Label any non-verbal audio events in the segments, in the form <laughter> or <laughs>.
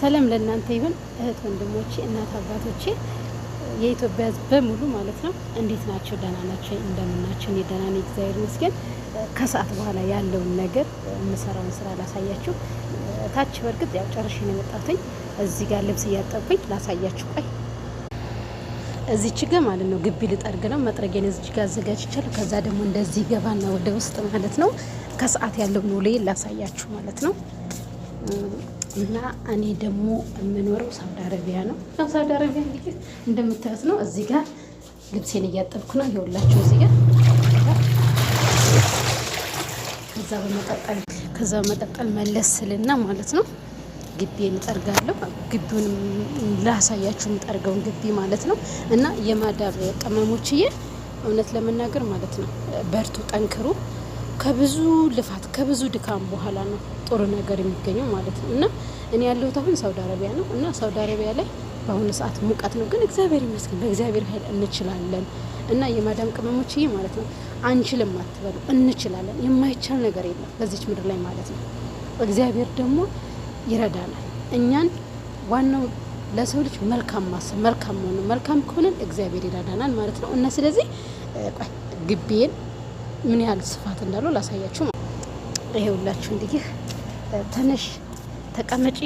ሰላም ለእናንተ ይሁን እህት ወንድሞቼ፣ እናት አባቶቼ፣ የኢትዮጵያ ሕዝብ በሙሉ ማለት ነው። እንዴት ናቸው? ደህና ናቸው? እንደምናቸው? የደህና ነኝ እግዚአብሔር ይመስገን። ከሰዓት በኋላ ያለውን ነገር የምሰራውን ስራ ላሳያችሁ። ታች በእርግጥ ያው ጨርሼ ነው የመጣሁትኝ። እዚህ ጋር ልብስ እያጠብኩኝ ላሳያችሁ። ቆይ እዚች ጋ ማለት ነው ግቢ ልጠርግ ነው። መጥረጌን እዚች ጋ አዘጋጅቻለሁ። ከዛ ደግሞ እንደዚህ ገባና ወደ ውስጥ ማለት ነው ከሰዓት ያለው ኖሌ ላሳያችሁ ማለት ነው። እና እኔ ደግሞ የምኖረው ሳውዲ አረቢያ ነው። ሳውዲ አረቢያ እንግዲህ እንደምታዩት ነው። እዚህ ጋር ልብሴን እያጠብኩ ነው የወላቸው እዚህ ጋር ከዛ በመቀጠል ከዛ በመቀጠል መለስ ስልና ማለት ነው ግቢን እጠርጋለሁ። ግቢውን ላሳያችሁ የምጠርገውን ግቢ ማለት ነው እና የማዳብ ቅመሞችዬ እውነት ለመናገር ማለት ነው በርቱ፣ ጠንክሩ። ከብዙ ልፋት ከብዙ ድካም በኋላ ነው ጥሩ ነገር የሚገኘው ማለት ነው። እና እኔ ያለሁት አሁን ሳውዲ አረቢያ ነው እና ሳውዲ አረቢያ ላይ በአሁኑ ሰዓት ሙቀት ነው፣ ግን እግዚአብሔር ይመስገን በእግዚአብሔር ኃይል እንችላለን። እና የማዳም ቅመሞችዬ ማለት ነው አንችልም አትበሉ፣ እንችላለን። የማይቻል ነገር የለም በዚች ምድር ላይ ማለት ነው። እግዚአብሔር ደግሞ ይረዳናል እኛን ዋናው ለሰው ልጅ መልካም ማሰብ መልካም መሆኑ መልካም ከሆነን እግዚአብሔር ይረዳናል ማለት ነው እና ስለዚህ ግቢዬን ምን ያህል ስፋት እንዳለው ላሳያችሁ ነው። ይሄ ሁላችሁ እንግዲህ ተነሽ ተቀመጪ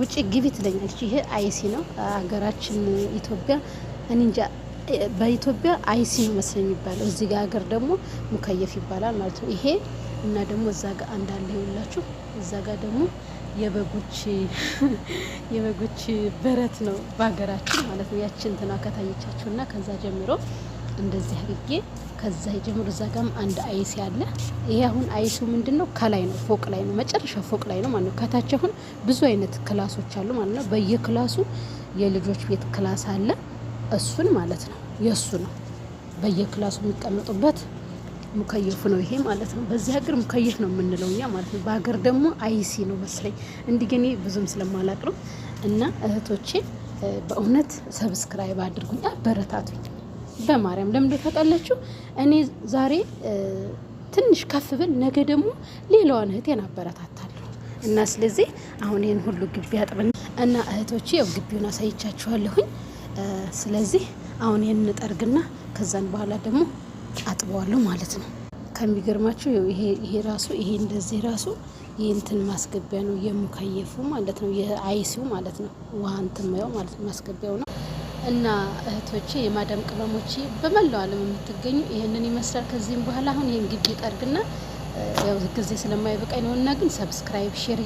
ውጪ ግቢ ትለኛለች። ይሄ አይሲ ነው ሀገራችን ኢትዮጵያ። እኔ እንጃ በኢትዮጵያ አይሲ ነው መስል የሚባለው እዚህ ጋር ሀገር ደግሞ ሙከየፍ ይባላል ማለት ነው። ይሄ እና ደግሞ እዛ ጋር እንዳለ ይኸውላችሁ፣ እዛ ጋር ደግሞ የበጎች <laughs> የበጎች በረት ነው በሀገራችን ማለት ነው። ያችን እንትና ከታየቻችሁ እና ከዛ ጀምሮ እንደዚህ አድርጌ ከዛ ጀምሮ እዛ ጋም አንድ አይስ ያለ። ይሄ አሁን አይሱ ምንድን ነው? ከላይ ነው፣ ፎቅ ላይ ነው፣ መጨረሻ ፎቅ ላይ ነው ማለት ነው። ከታች አሁን ብዙ አይነት ክላሶች አሉ ማለት ነው። በየክላሱ የልጆች ቤት ክላስ አለ፣ እሱን ማለት ነው፣ የእሱ ነው በየክላሱ የሚቀመጡበት ሙከየፉ ነው ይሄ ማለት ነው። በዚህ ሀገር ሙከየፍ ነው የምንለው እኛ ማለት ነው። በሀገር ደግሞ አይሲ ነው መስለኝ እንዲህ ብዙም ስለማላቅ ነው። እና እህቶቼ በእውነት ሰብስክራይብ አድርጉኝ፣ አበረታቱኝ። በማርያም ለምዶ ታውቃላችሁ። እኔ ዛሬ ትንሽ ከፍ ብል ነገ ደግሞ ሌላዋን እህቴን አበረታታለሁ እና ስለዚህ አሁን ይህን ሁሉ ግቢ አጥብና እና እህቶቼ ያው ግቢውን አሳይቻችኋለሁኝ። ስለዚህ አሁን ይህን እንጠርግና ከዛን በኋላ ደግሞ አጥበዋለሁ ማለት ነው። ከሚገርማችሁ ይሄ ራሱ ይሄ እንደዚህ ራሱ የእንትን ማስገቢያ ነው የሙከየፉ ማለት ነው የአይሲው ማለት ነው ውሃ እንትን ማለት ነው ማስገቢያው ነው። እና እህቶቼ የማዳም ቅመሞቼ በመላው ዓለም የምትገኙ ይህንን ይመስላል። ከዚህም በኋላ አሁን ይህን ግቢ ጠርግና ያው ጊዜ ስለማይበቃኝ ነውና፣ ግን ሰብስክራይብ ሼር